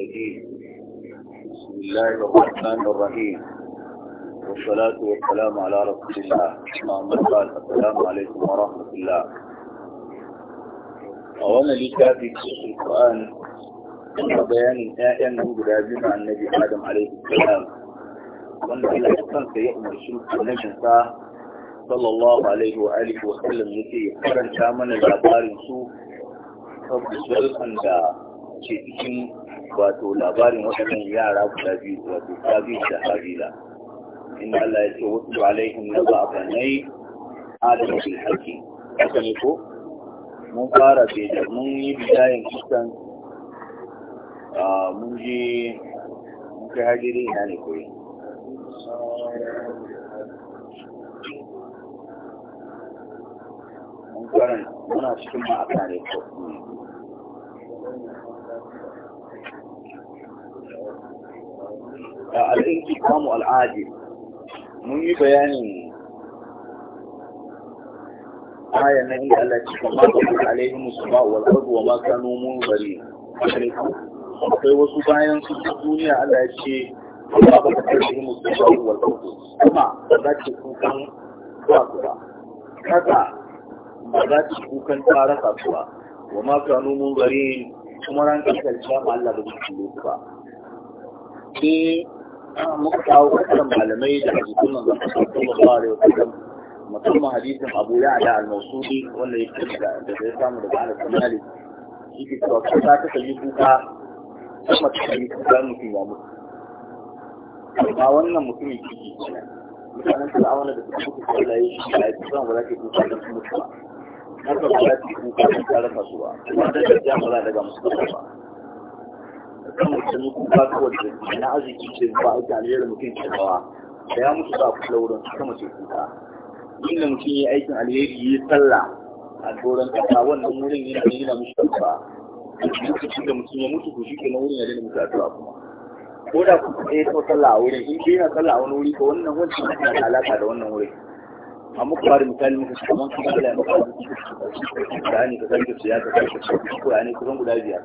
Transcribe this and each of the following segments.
الرجيم بسم الله الرحمن الرحيم والصلاة والسلام على رسول الله أما قال السلام عليكم ورحمة الله أولا لكافي في القرآن بيان آية مجرابين عن النبي آدم عليه السلام وأن في الحسن سيأمر شرك النبي صلى الله عليه وآله وسلم يكي قرن كامن العبار سوء فبسرقا da ke cikin wato labarin waɗannan yara guda biyu wato sabi da habila inda Allah ya ce wasu alaihim na ba a adam bil haƙi haka ne ko mun fara da mun yi bidayen kusan a mun je mun kai hajjiri na ne koyi mun karanta muna cikin ma'aka ne ko al'intiqam al'adi mun yi bayanin ayan nan inda Allah ya ce ma ta alaihi musba wal ardu wa ma kanu munzari akwai wasu bayan su duniya Allah ya ce ba ba ta alaihi musba wal ardu kuma za ki kukan ba Kaka ba za ki kukan tsara kasuwa wa ma kanu munzari kuma ran kasance ma Allah ba zai ba sai muka kawo kusan malamai da hadisun manzon Allah sallallahu alaihi wasallam musamman hadisin Abu da al-Mawsuli wanda ya ce da ya samu daga Anas bin yake cewa kusa ta kalli kuka kuma ta kalli kuka mutum ya mutu amma wannan mutumin ciki mutanen fir'auna da suka mutu Allah shi da aiki ba za ta kuka da mutu ba har ba za ta kuka da rasa su ba da jama'a daga musu ba saboda muku na a alherin mutum ke dawa da ya mutu lauran su kuka inda mutum ya aikin alheri ya sallah a doron kasa wannan wurin yana nuna mishi ba lokacin da mutum ya mutu ku shi ke na wurin ya daina mutu addu'a kuma ko da ku ɗaya ta sallah a wurin in dai yana sallah a wani wuri ko wannan wancan yana da alaƙa da wannan wurin a muku bada misali muku shi kamar kuma da ya maka da ne ka sake su ya ka sake su ko ya ne kusan guda biyar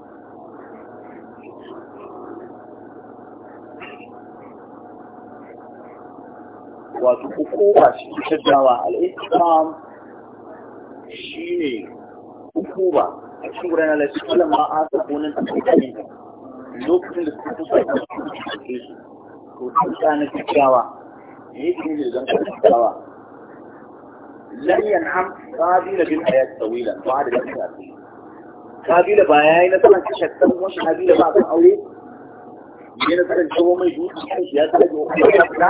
wato hukuma shi shaddawa al'ikam shi ne hukuma a cikin gudanar da shi kalan ma a sabonin a cikin lokacin da suka kusa da su ke su to sun tsana shaddawa ne yake ne da zan shaddawa lan yanham qabila bil hayat tawila ba'da al-hayat kabila ba ya yi nasarar shakkan wasu kabila ba kan aure ya nasarar shawo mai zuciya ya tsara da wani ya fita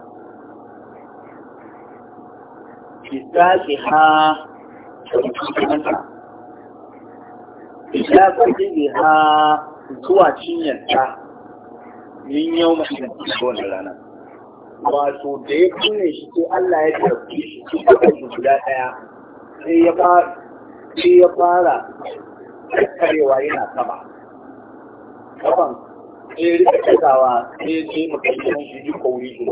bisaƙi ha ha zuwa cinyarta min yau mai wannan rana wato da ya kunne shi ko Allah ya karfi shi cikin guda ɗaya sai ya fara karewa yana sama kaban sai ya rika kasawa sai ya ce mutum shi ji kauri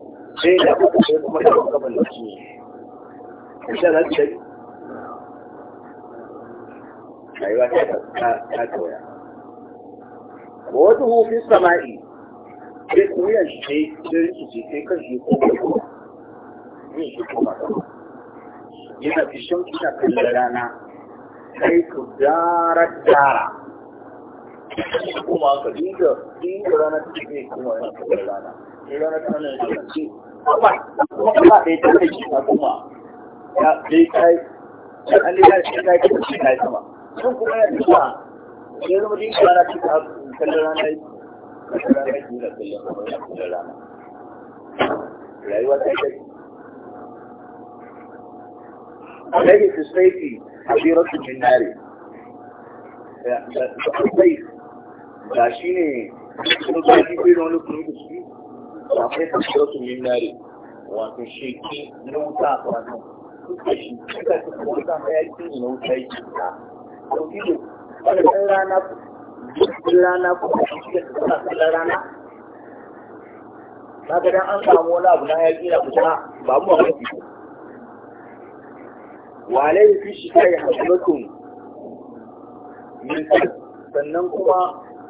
sai da uku sai kuma da uku gaban da su insha Allah sai rayuwa ta ta koya wato hu fi sama'i sai kuyan shi sai su ce sai kan shi ko ne shi kuma yana fishin kuna kallon rana sai ku dara dara kuma ka dinga dinga rana ta ce kuma yana da rana rana ta nan ta ce kuma kuma ba ta ce ta kuma ya dai kai an da ta kai ta ce kai sama sun kuma ya dinga ne zama dinga rana ta ta kallon rana ta rana ta dinga kallon rana rayuwa ta ce عليه في السيف da shi ne kuma ba shi da wani kuma da shi ba kai ta shi wasu wato sheki na wuta wato suka shi suka ci wuta ma ya ci na wuta ya ta dauki da rana jirgin rana kuma shi rana na ga dan an samu wani abu na ya kira kusa ba mu ba ki walai fi shi kai hasabatun min sannan kuma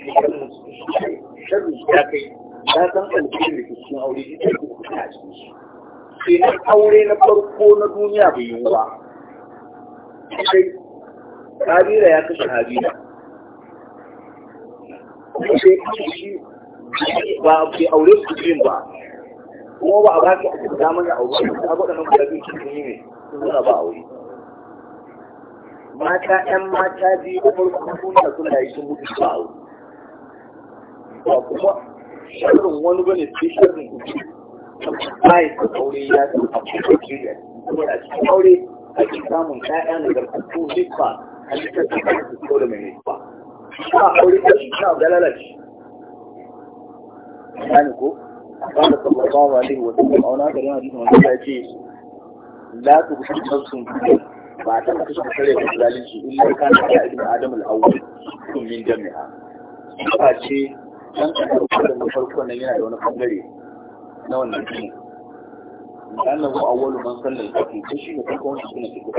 kai da aure kuma sai na aure na farko na duniya bai yi ba sai kabila ya kashe habila kuma sai kashe shi ba kai aure su jin ba kuma ba a ba ka a damar da aure ta waɗannan nan biyu cikin yi ne suna ba aure mata ‘yan mata biyu da farko suna suna yi sun mutu ba aure. ba kuma sharrin wani bane sai shirin kuɗi bayan da aure ya san a cikin Nigeria kuma a cikin aure ake samun ƴaƴa na garkuku hikma a cikin cikin ko da mai hikma ba aure ta shi na yani ko قال صلى الله عليه وسلم أو نادر يوم حديث من الله يجي لا تبشر نفس ba ta kashe kare da zalunci in ya da ibn adam al-awwal min jami'a ba ce dan a ɗauka da na farko nan yana da wani ɓangare na wannan jini. shi annahu awwalu man sallal kafi ko shi ne farko wanda suna cikin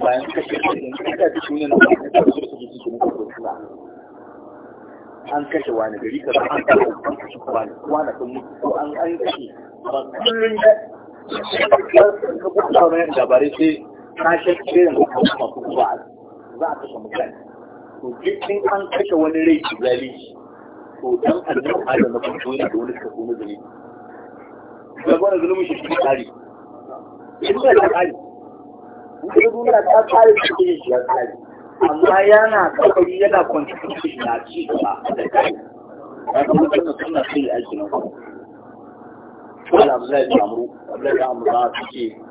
bayan kashe kashe kada ta shi ne na farko da suke cikin farko suna an kashe wani gari ka an kashe wani wani kan mutu ko an an kashe ba kullum da ka buɗa wani labarai sai kashe kiran masu kuma za a kashe mutane to jikin an kashe wani rai ki zalunci to dan annan adam na farko yana da wani kaso na zalunci da gwada zulumin shi shi tsari shi da tsari kuma duniya ta tsari shi ke shi ya tsari amma yana tsakari yana kwanci shi na ci gaba da kai ya kuma tana suna sai aiki na kuma. su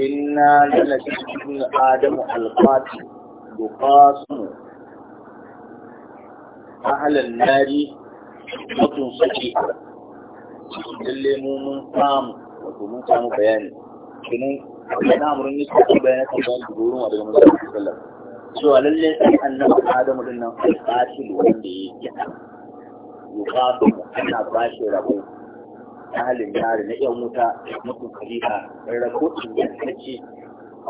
إنا لنسيب آدم القات لقاس أهل النار مطن سكي اللي مو من قام وكم من قام بيان كنين كنا أمرين نسكي بيان كبان بقولوا عبد المزاد صلى الله عليه وسلم سؤال اللي سي أن آدم لنا القات لوندي يقاس أنا باشر أبوه halin yare na yan wuta na kokari a ta ce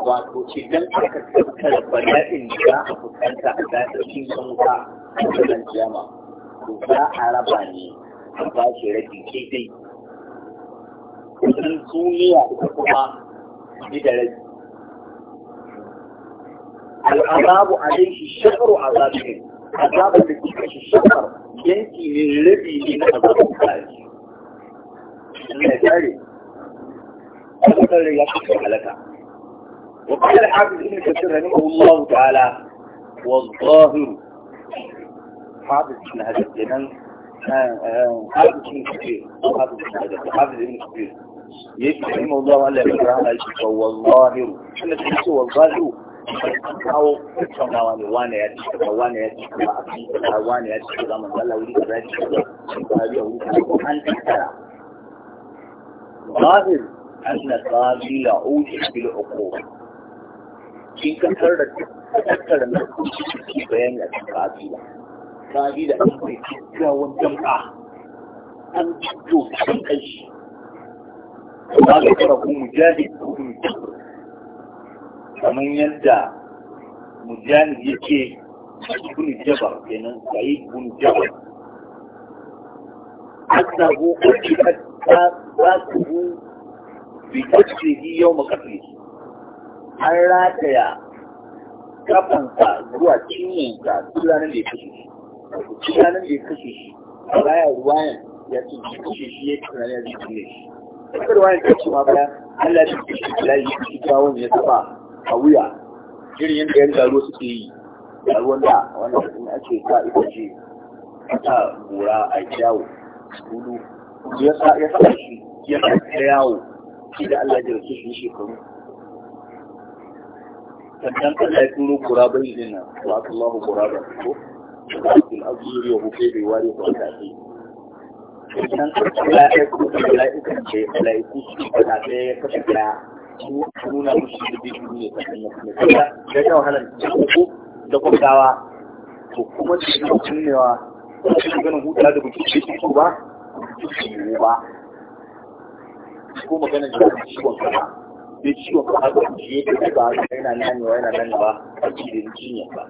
wato don aka tattara bala'in da za a fuskanta a tasirin yan wuta a wannan jama to za a raba ne a ba shi rabi daidai Kusan duniya ita kuma bi da rabi al'azabu alaihi shakaru azabin azabar da kika shi shakar yanki ne rabi ne na azabin kaji Allah ya kare wannan riga ta halaka وقال الحافظ ابن كثير رحمه الله تعالى والظاهر حافظ ابن هذا الجنان حافظ ابن كثير حافظ ابن هذا حافظ ابن كثير يجب رحمه الله ولا يكره على الشيخ والظاهر انا الشيخ والظاهر أو كنا واني وانا يا تشكى وانا يا تشكى وانا يا تشكى وانا يا تشكى وانا يا تشكى وانا يا تشكى وانا يا تشكى وانا يا تشكى ظاهر أن القاضي لا أوجد في العقوبة في كثرة أكثر من في بيان القاضي لا القاضي لا أمر حتى والجمعة أن تجو تحقش وقال ذكره مجاهد بن جبر فمن يدعى مجاهد يكي بن جبر كان يعني سعيد بن جبر حتى هو قد Za su فاكه بكتفه yau قتله an rataya kafansa zuwa cinyinsa duk ranar da ya kashe shi duk ranar da ya kashe shi baya ruwayan ya ce shi kashe shi ya ci ranar ya kashe shi duk ruwayan ta ce ma baya Allah ya kashe shi ya kashe bawon ya taba a wuya irin yadda yan garo suke yi a wanda da wannan ake sa ita ce ta gora a kyawu kudu ya saba shi ya da yawo shi da Allah da rasu shi shekaru Allah ya turo wa ko Abdul ya hufe bai ware ko ce Allah ya da mala'ikan ce mala'iku su ya kashe su nuna musu da ne ya kuma wahalar da to kuma cikin cinnewa ba ganin hutu da bikin cikin ba su ba ko magana da su ciwon kama da ciwon kama da su yi kai ba su yana nani yana nani a cikin jinya ba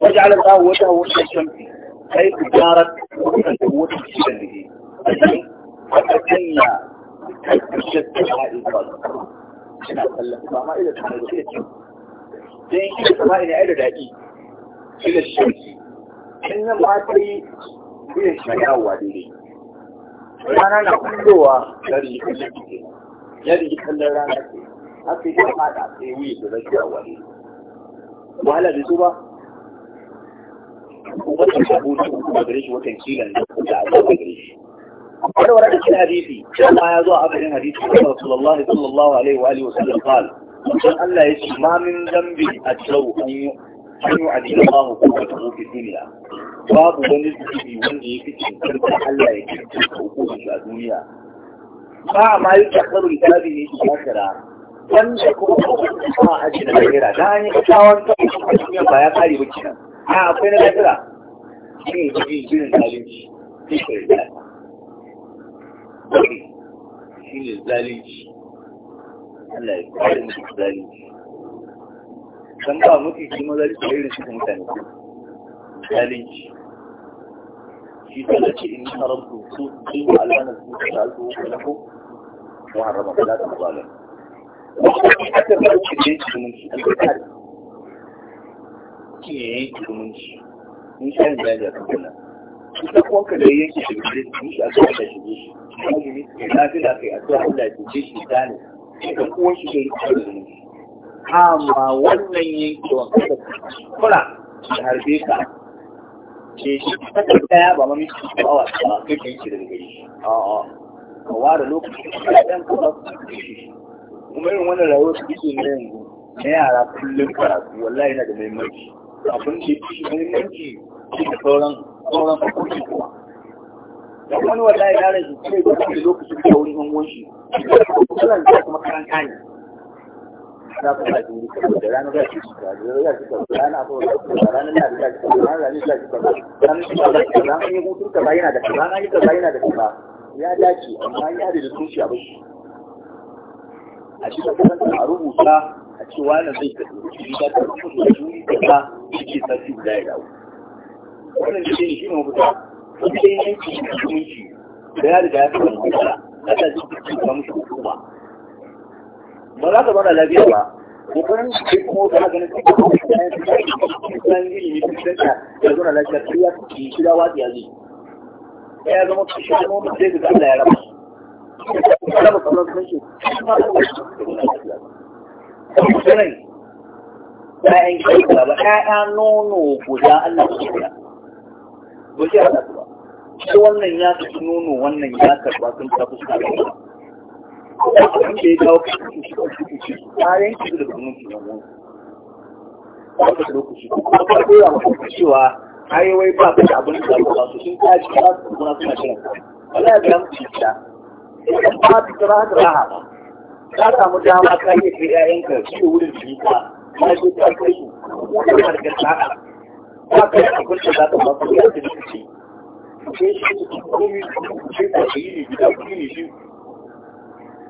wajen ala tsawo wata wata shan fi sai ku gyara wata da wata cikin da ke a cikin wata sanya a cikin da ya yi ba su suna kallon ba ma ila tsawo da su yi ciwo sai yi ciwo sama ina ya yi da daɗi ila shan fi sun yi wuyan shi na yawowa daidai rana na kullowa ya rigi kallon ke ya rigi kallon rana ce haka yi fada sai wuyan da zai yawowa daidai wahala da su ba wata shabu su kuma gare shi watan kilan da aka gare shi wani wani da cikin hadisi ma ya zo a abin hadisi da rasulullahi sallallahu alaihi wa alihi wa sallam qala Allah ya ce ma min dambi a tsawo an yi an yi adina ma hukumar ta mafi duniya babu wani zubi wanda ya fi cinkarta Allah ya cinkarta hukumar shi a duniya ba a ma yi tsakarun tabi ne shi makara wanda kuma kuma ba a ajina da hira da an yi kawon tabi ba ya kare ba kenan a akwai na lafira shi ne zubi jirin zalunci shi ke da shi ne zalunci Allah ya kare mutum zalunci don ba mutu shi maza da irin su mutane zalunci shi ta da ce in haramtu su su ba alana su ta da ko lafo ko harama ba za ba lan aka ba da yake zumunci alƙari shi ne yake zumunci in sha yin bayani a kan wannan ita kuwa ka da yake shi da shi a kan da shi shi ne lafiya kai a tsohon da shi ta ne da kuwa shi da yake zumunci amma wannan yankewan kada kula da harbe ka ke shi kasar daya ba mami su awa ba kai kan shi daga gari a'a ka ware lokacin da ɗan kuma kuma yin wani rawar su na yanzu na yara kullum karatu wallahi na da maimaki. abin da yake muhimmanci shi da sauran sauran hukunci kuma da wani wallahi da shi kai da lokacin da wani hangon shi kuma karanta ne za ku da rana za ki da rana za da rana ko da rana na da ki da rana ne da rana ki da rana ne mutum ka bayyana da rana ne da kuma ya dace amma ya da zuciya ba shi a shi kuma a rubuta a ce wani zai ka shi da ta rubuta da da ka shi ta shi guda ya wannan shi ne shi ne mutum sai shi da ya riga ya fara mutum da ta ji ba za ka zauna lafiya ba kokarin da ke kuma ganin kuma ya zauna lafiya ya shi da ya zai ya zama shi ga Allah ya kuma shi ba ɗaya nono Allah ya ba shi ba shi wannan ya tafi nono wannan ya karba sun tafi ba abin da ya kawo da lokaci cewa ba ka ba su kuma shirin ya idan ta raha dama iya kai shi je kai ka ka ya yi gida shi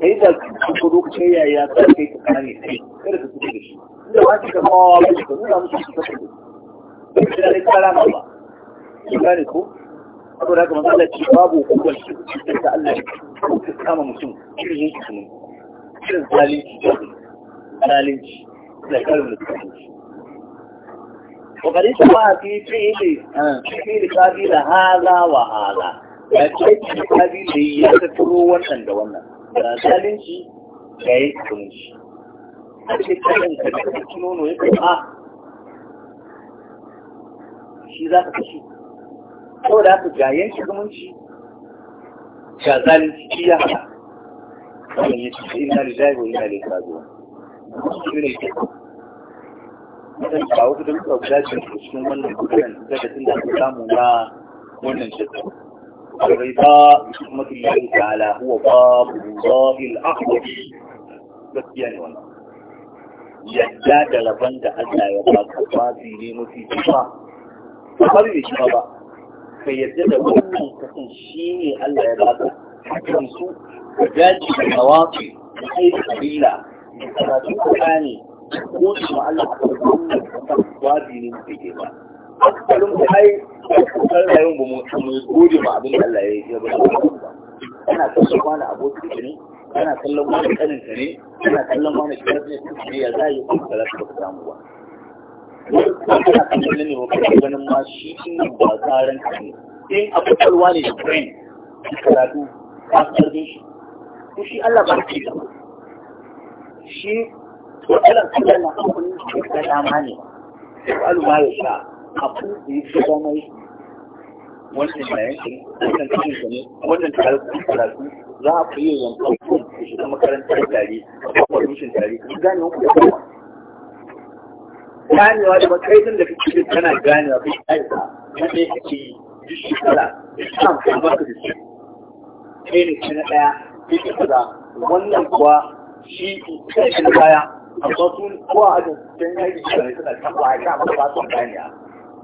kai da ko lokacin ya ya ta kai ka kare kai kada ka kuɗi da shi da ba ka kawo ba ka nuna musu su fata da shi da ne kara ma ba ki gane ko saboda haka manzo Allah ce babu hukumar shi da Allah ya kama mutum irin yake kuma irin zalunci zalunci da karin mutum وقد اشتبه في فعل فعل قبيل هذا وهذا ya ce kabili ya tattaro wannan da wannan ga zalunci ga yi kunshi a ce kayan ka da kake nono ya kuma shi za ka kashe saboda haka ga yanki zumunci ga zalunci shi ya hana wannan ya ce ina da jago ina da kazo shi ne ke Mutum kawo kudin kawo dajin cikin wannan kudin da tun da aka samu na wannan shekaru. الرضا بحكمة الله تعالى هو باب الله الأخضر بسيان يعني وانا يداد لبن دا ألا يباك أفادي لمسي جفا فقالي لشي بابا فيزد لبن كتن شيني ألا يباك حكم سوء وجاج النواطي بحيث قبيلة من تراتيك الآن كوش مع الله أفادي لمسي جفا akalin da ai kusan rayuwar ba mu gode ma abin da Allah ya yi ba ana kallon wani abokin ne ana kallon wani kanin ne ana kallon wani kiyar ne ya za yi kuma da su ba mu ba ana kallon ne ba ganin ma shi ne ba tsarin ka ne in a ne da brain karatu ta karbe shi ko shi Allah ba shi da shi to Allah kallon na abubuwan da ya dama ne ba. Sai ma ya sha wannan za a fiye da shiga makarantar tare tare gane wani kuma ganewa da da kake ganewa kai na ɗaya kake yi shekara da su ne na ɗaya kaza wannan kuwa shi kai ne baya amma sun kowa a sun da tabbata ba su ganewa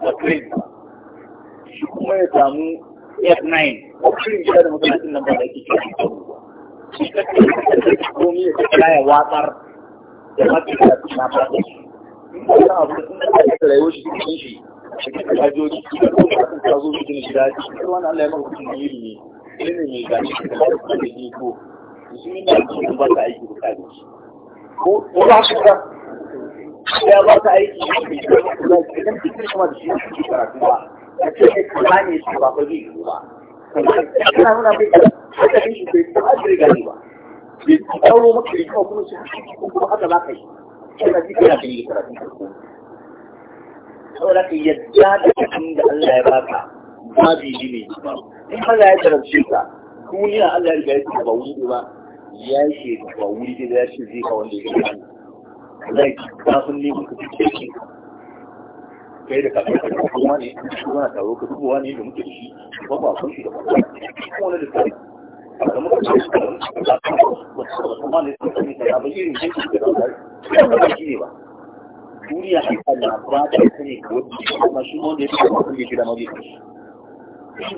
da shi kuma ya samu f9 cream gida da masalacin nan ba da shi ta komi ya kira ya watsar da mafi da na fata shi in ba ta abu da sun da rayuwa shi cikin shi shi ka kajoji shi ka kuma ta ta zo cikin gida shi ka wani Allah ya yiri ne shi ne mai gashi da ba da ni ko shi ne ba ta aiki da kaji ko ba ka ya ba aiki idan cikin kuma da shi ne a ce shi ba ba zai yi ba kana nuna mai shi kuma ba tauro maka da kuma kuma haka za ka yi ka yadda da cikin da Allah ya baka in Allah ya ka duniya Allah ya riga ya ce ba wuri ba ya ce ba wuri da ya ce zai ka wanda ya ce zai kafin ne muka fi cece kai da kafin da kowa ne na taro ka ne da muke shi ba ba kun shi da kuma kowa da kai da muka ce shi da kuma ne sun sani da ba ne yanki da ba ba shi ne ba duniya ta kalla ba ta sani ko kuma shi wanda ya fara kun shi da ma shi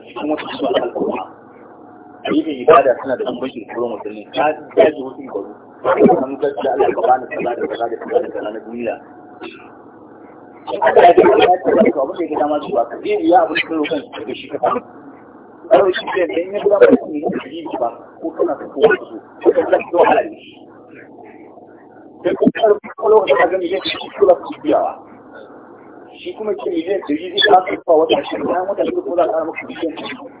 shi kuma su ba ayyukan ibada suna da ambashi da kuma musulmi ta ji wasu ibaru an gaskiya Allah ka bani kaza da kaza da kaza da kaza na duniya Allah ya ce ya ce ba ka bude gida ma zuwa ka zai ya abu cikin rokan da shi ka fara kawai shi ke da in ya gida mutum ne da shi ba ko kana ka kowa su ko ka zai zo halal ne sai ko kar ko lokacin da gani yake shi kula ku biyawa shi kuma ke ne yi zai ka fara wata shi na mutane ko za maka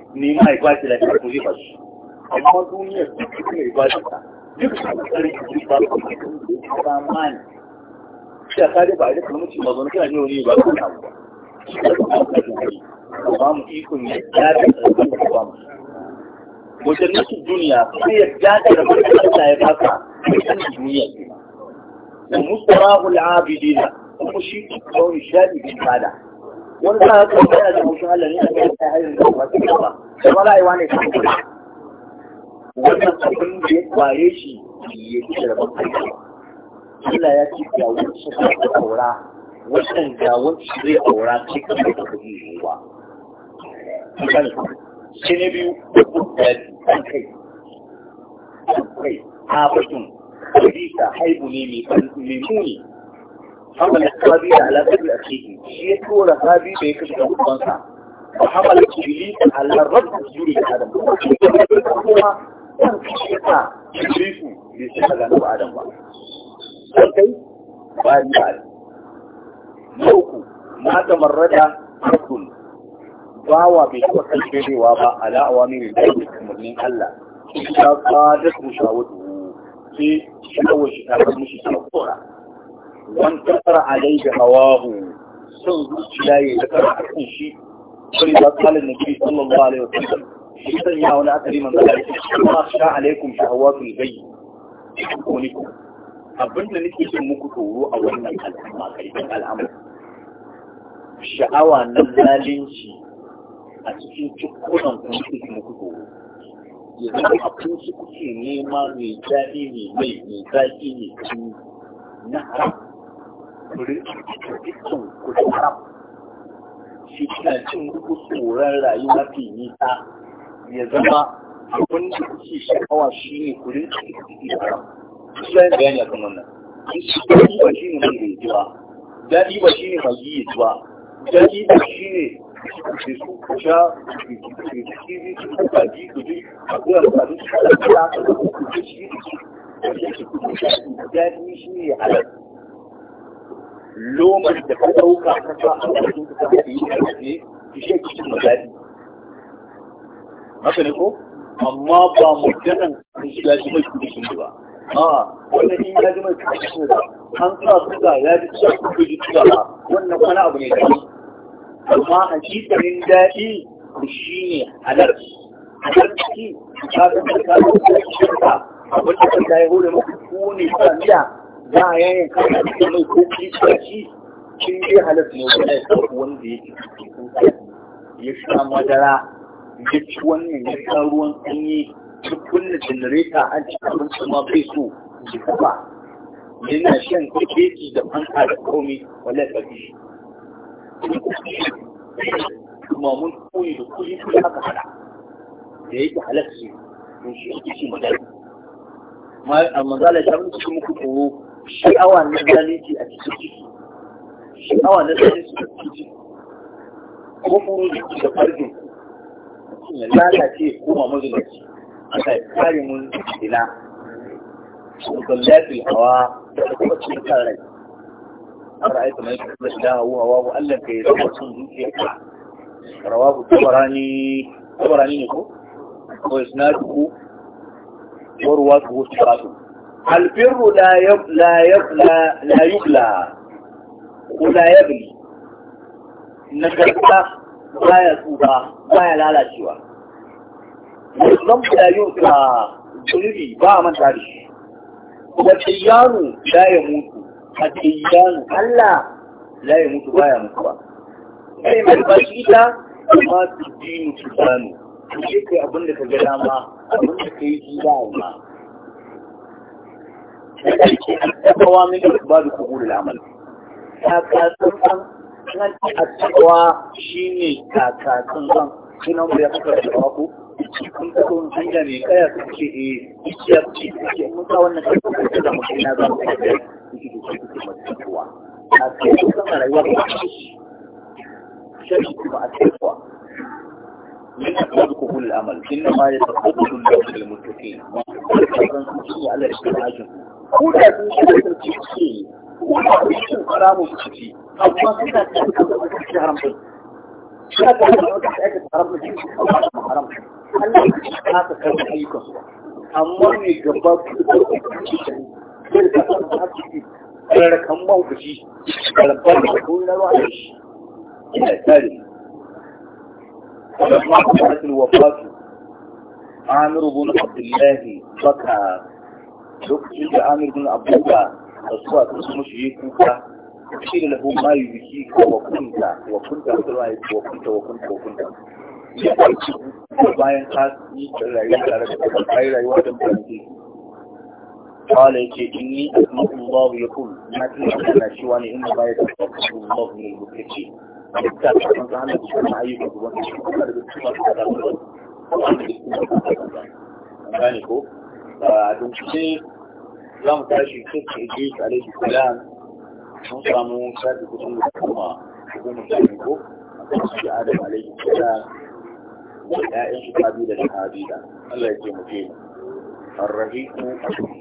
ni ma ya kwashi da kuma zai fashi amma duniya duk mai ba shi ta duk da tsari da ba ku ba man shi a kare ba da kuma ci ba zo kana ne wani ba ka ba ba mu ikon ya da da ba mu wajen duniya ya da ya duniya abidina kuma shi ko wani za a kai yana da mutum Allah ne a kai ta hanyar da ba su ba da ba rayuwa ne kan kuma wannan abin da ya kware shi ya fi da rabon kai Allah ya ce ga wani suka da aura wannan da wani zai aura cikin da ba zai yi ba sai na biyu da kai kai a bakin hadisa haibu ne mai muni hamal kwari da halatar da ke shi ya kowa da kwari da ya kashe da hukunsa a hamal kwari da halar rabu zuri da kuma kan kashe ka jirisu da ya shi gano adam ba sai kai ba ni ba ne na ta marrada hakun ba bai kuma kashe rewa ba ala'awa ne da ya kashe allah shi ta kwa da kusa wadu sai shi kawai shi ta kashe shi ta kora wan tara alaihi hawahu sun zuciya ya da karfin shi sai da kalin nabi sallallahu alaihi wasallam shi san ya wani akari man da shi kuma sha alaikum shahawatul bayy ko ku. ko abinda nake son muku tsoro a wannan al'amma karshen al'amari sha'awa na zalunci a cikin cikunan kuma suke muku tsoro ya zama su kuke nema mai daɗi ne mai mai zaƙi ne na haram kuri cikin kuri haram shi kina cin duk tsoron rayuwa fi nisa ya zama abin da kuke sha'awa shi ne kuri cikin haram shi ya bayani a kan daɗi ba shi ne mai rinji daɗi ba shi ne mai yi ba daɗi ba shi ne da su sha kiri su ku kaji ku ji a kuwa sami shi da kira ku ji shi daɗi shi ne halar lomar da ka ɗauka ka sa a cikin ka ta yi ne ki shi ki cin daɗi haka ne ko amma ba mu ganin ya ji mai kudi shi ba a wannan in ya ji mai kudi shi ba an sa suka ya ji sa kudi ji suga ba wannan wani abu ne da shi amma hakikanin daɗi shi ne halar halar ciki ka ga ka ga abin da ka yi hore muku ku ne sa miya za a yayin kama da mai ko kishi kin yi halittu ne wanda ya tafi wanda ya ci ya sha madara ya ci wannan ya sha ruwan sanyi ya kunna janareta an ci abinci ma bai so ji kuma yana shan kakeji da fanta da komai wala ƙarfi shi kuma mun koyi da kuɗi kuma aka hada da yake halatta shi to shi ake shi madara amma zala ta mutu kuma ku tsoro sha'awa na zalunci a cikin sha'awa na zalunci a cikin ko kuma da fargin ya lalace kuma a kai kare mun ila mukallafi hawa da kuma cikin rai an ra'aita mai kuma da hawa hawa wa Allah ka yi rawa sun zuciya ka rawa ku tabarani tabarani ne ko ko isnadu ku warwa ku wasu البر لا يب لا يب لا لا يبلى ولا يبلي نشرتا لا يسوبا لا يلالشوا والذنب لا يؤتى ذنبي با من تاريخ والديان لا يموت الديان الله لا يموت با يموت كلمة بشيطة ما تدين سبحانه Ku ce kai abin da ka ga dama, da ƙarshe al-taqwa min babu qabul al-amal takatsun san nan al-taqwa shine takatsun san kinan da ya fara da ku kun tsoro sun ga me kaya suke eh ya ce mun ta wannan da mutum na za mu ta da shi ke kuma a cikin kan rayuwa ba shi ba a taqwa من أسباب قبول العمل إنما يتقبل الله للمتقين وقد على اجتماعهم ko da sun shi da kan ciki ko da sun shi haramun ciki amma suna cikin kan da kan haramun suna da kan da kan haramun ciki ko da kan haramun Allah ya ka kan ayyukan su amma ne gaba ku da kan ciki sai da kan ciki kare kan man kuci karbar da ko na ruwa shi ina tare وما قالت الوفاة عامر بن عبد الله بكى lokacin da amir bin abdullah da suwa ta su mushi yi kuka shi da lahu ma yi biki ko wa kunta wa kunta da wa kunta wa kunta wa kunta ya kwanci bayan ka yi rayuwa tare da kuma kai rayuwa da mutane قال إني أسمع الله يقول ما تنسى أنا شواني إن ما يتفق الله من da حتى da تعالى بشأن عيوك da بالتفاق على الله ذلك dunkuce za mu tashi cikin idris alaihi salam mun samu shafi kusan da kuma hukumar shafi ko a adam alaihi salam da ƴaƴan shi da na da, Allah ya ce mu je الرهيق